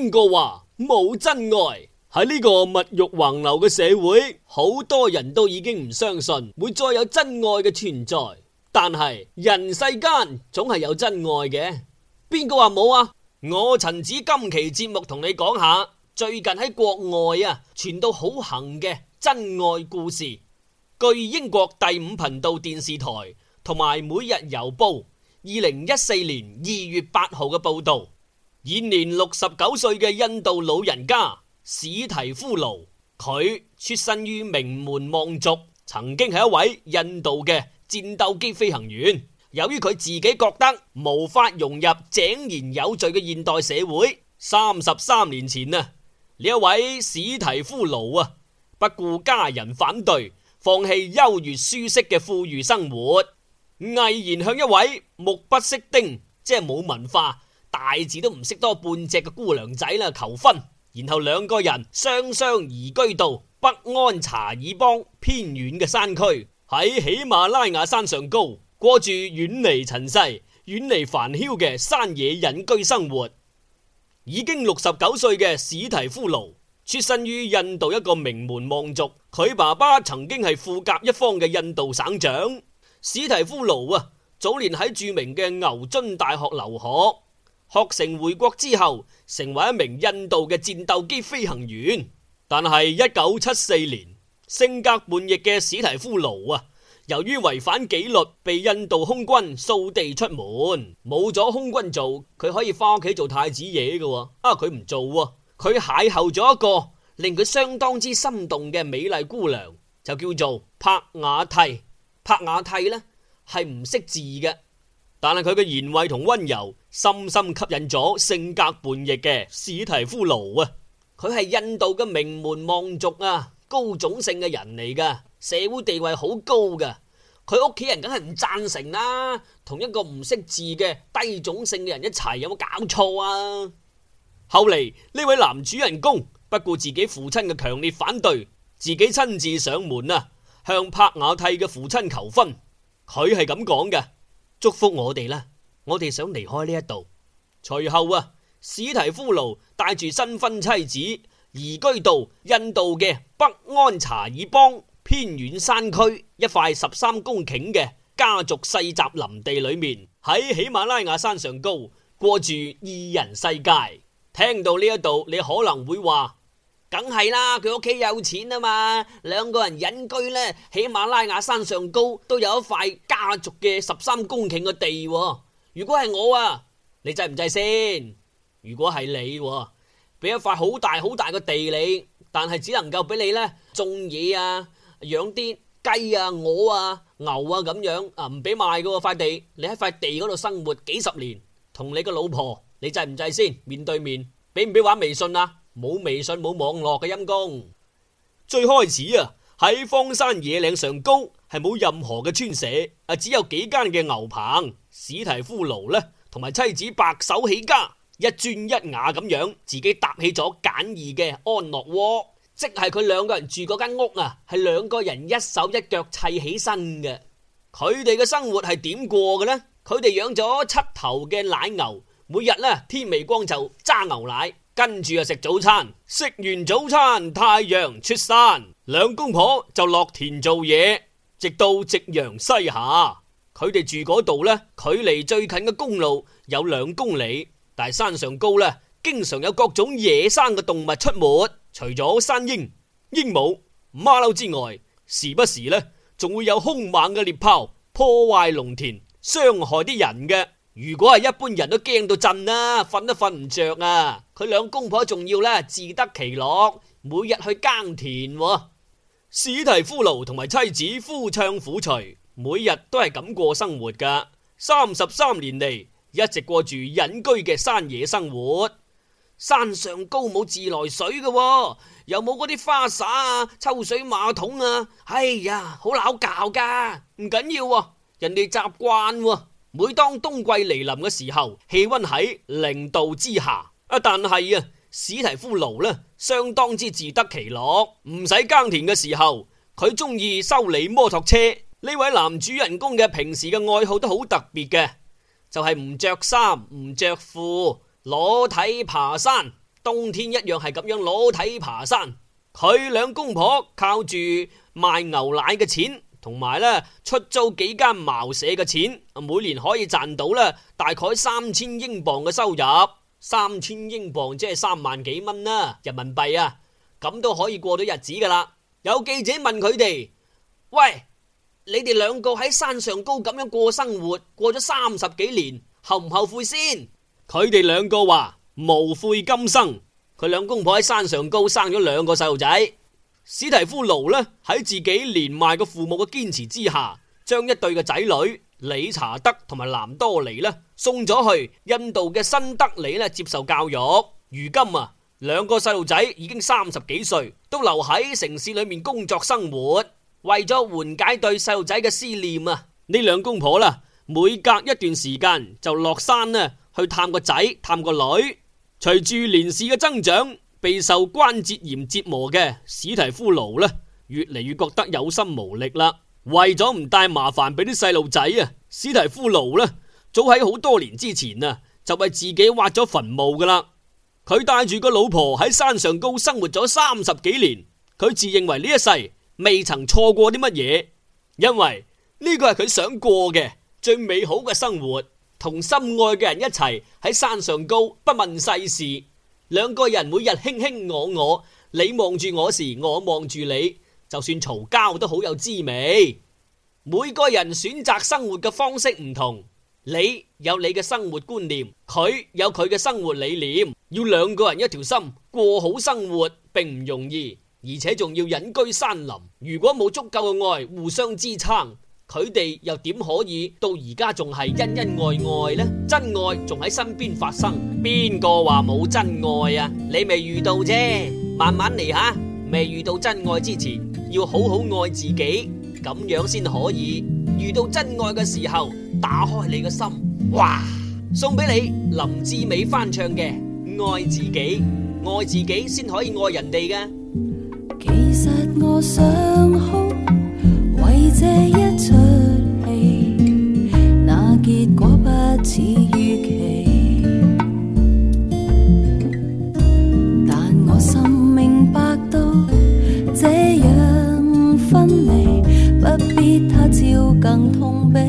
邊個話冇真愛？喺呢個物欲橫流嘅社會，好多人都已經唔相信會再有真愛嘅存在。但係人世間總係有真愛嘅。邊個話冇啊？我陳指今期節目同你講下最近喺國外啊傳到好行嘅真愛故事。據英國第五頻道電視台同埋每日郵報二零一四年二月八號嘅報道。現年六十九歲嘅印度老人家史提夫盧，佢出身於名門望族，曾經係一位印度嘅戰鬥機飛行員。由於佢自己覺得無法融入井然有序嘅現代社會，三十三年前啊，呢一位史提夫盧啊，不顧家人反對，放棄優越舒適嘅富裕生活，毅然向一位目不識丁，即係冇文化。大字都唔識多半隻嘅姑娘仔啦，求婚，然後兩個人雙雙移居到北安查爾邦偏遠嘅山區，喺喜馬拉雅山上高過住遠離塵世、遠離繁囂嘅山野隱居生活。已經六十九歲嘅史提夫盧出身於印度一個名門望族，佢爸爸曾經係富甲一方嘅印度省長。史提夫盧啊，早年喺著名嘅牛津大學留學。學成回國之後，成為一名印度嘅戰鬥機飛行員。但係一九七四年，性格叛逆嘅史提夫盧啊，由於違反紀律，被印度空軍掃地出門，冇咗空軍做，佢可以翻屋企做太子嘢嘅。啊，佢唔做啊，佢邂逅咗一個令佢相當之心動嘅美麗姑娘，就叫做帕瓦蒂。帕瓦蒂呢，係唔識字嘅。但係佢嘅賢惠同溫柔，深深吸引咗性格叛逆嘅史提夫勞啊！佢係印度嘅名門望族啊，高種姓嘅人嚟噶，社會地位好高噶。佢屋企人梗係唔贊成啦，啊，同一個唔識字嘅低種姓嘅人一齊，有冇搞錯啊？後嚟呢位男主人公不顧自己父親嘅強烈反對，自己親自上門啊，向帕瓦蒂嘅父親求婚。佢係咁講嘅。祝福我哋啦！我哋想離開呢一度。隨後啊，史提夫勞帶住新婚妻子移居到印度嘅北安查爾邦偏遠山區一塊十三公頃嘅家族世襲林地裏面，喺喜馬拉雅山上高過住二人世界。聽到呢一度，你可能會話。梗係啦，佢屋企有錢啊嘛，兩個人隱居咧，喜馬拉雅山上高，都有一塊家族嘅十三公頃嘅地啊。如果係我啊，你制唔制先？如果係你啊，俾一塊好大好大嘅地你，但係只能夠俾你咧種嘢啊，養啲雞啊、鵝啊、牛啊咁樣啊，唔俾賣噶塊啊地，你喺塊地嗰度生活幾十年，同你個老婆，你制唔制先？面對面，俾唔俾玩微信啊？冇微信，冇網絡嘅陰公。最開始啊，喺荒山野嶺上高，係冇任何嘅村舍啊，只有幾間嘅牛棚，史提夫勞呢，同埋妻子白手起家，一磚一瓦咁樣自己搭起咗簡易嘅安樂窩，即係佢兩個人住嗰間屋啊，係兩個人一手一腳砌起身嘅。佢哋嘅生活係點過嘅呢？佢哋養咗七頭嘅奶牛，每日呢天未光就揸牛奶。跟住啊食早餐，食完早餐太陽出山，兩公婆就落田做嘢，直到夕陽西下。佢哋住嗰度呢，距離最近嘅公路有兩公里，但係山上高呢，經常有各種野生嘅動物出沒，除咗山鷹、鸚鵡、馬騮之外，時不時呢仲會有凶猛嘅獵豹破壞農田，傷害啲人嘅。如果係一般人都驚到震啦，瞓都瞓唔着啊！佢、啊、兩公婆仲要咧自得其樂，每日去耕田、啊。史提夫勞同埋妻子夫唱婦隨，每日都係咁過生活噶。三十三年嚟一直過住隱居嘅山野生活，山上高冇自來水嘅、啊，又冇嗰啲花灑啊、抽水馬桶啊。哎呀，好拗教噶，唔緊要啊，人哋習慣、啊。每當冬季嚟臨嘅時候，氣溫喺零度之下。啊，但係啊，史提夫勞呢相當之自，自得其樂，唔使耕田嘅時候，佢中意修理摩托車。呢位男主人公嘅平時嘅愛好都好特別嘅，就係唔着衫唔着褲裸體爬山，冬天一樣係咁樣裸體爬山。佢兩公婆靠住賣牛奶嘅錢。同埋咧，出租幾間茅舍嘅錢，每年可以賺到咧，大概三千英鎊嘅收入，三千英鎊即係三萬幾蚊啦，人民幣啊，咁都可以過到日子噶啦。有記者問佢哋：喂，你哋兩個喺山上高咁樣過生活，過咗三十幾年，後唔後悔先？佢哋兩個話：無悔今生。佢兩公婆喺山上高生咗兩個細路仔。史蒂夫盧咧喺自己年邁嘅父母嘅堅持之下，將一對嘅仔女理查德同埋南多尼咧送咗去印度嘅新德里咧接受教育。如今啊，兩個細路仔已經三十幾歲，都留喺城市裏面工作生活。為咗緩解對細路仔嘅思念啊，呢兩公婆啦，每隔一段時間就落山啦，去探個仔探個女。隨住年事嘅增長。被受關節炎折磨嘅史提夫勞呢，越嚟越覺得有心無力啦。為咗唔帶麻煩俾啲細路仔啊，史提夫勞呢，早喺好多年之前啊，就為、是、自己挖咗墳墓噶啦。佢帶住個老婆喺山上高生活咗三十幾年，佢自認為呢一世未曾錯過啲乜嘢，因為呢個係佢想過嘅最美好嘅生活，同心愛嘅人一齊喺山上高，不問世事。兩個人每日卿卿我我，你望住我時，我望住你，就算嘈交都好有滋味。每個人選擇生活嘅方式唔同，你有你嘅生活觀念，佢有佢嘅生活理念。要兩個人一條心，過好生活並唔容易，而且仲要隱居山林。如果冇足夠嘅愛，互相支撐。佢哋又點可以到而家仲係恩恩愛愛呢？真愛仲喺身邊發生，邊個話冇真愛啊？你未遇到啫，慢慢嚟吓。未遇到真愛之前，要好好愛自己，咁樣先可以遇到真愛嘅時候，打開你嘅心。哇！送俾你林志美翻唱嘅《愛自己》，愛自己先可以愛人哋嘅。其實我想哭，為這。不似預期，但我心明白到這樣分離，不必他朝更痛悲。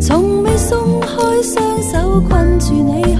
從未鬆開雙手困住你。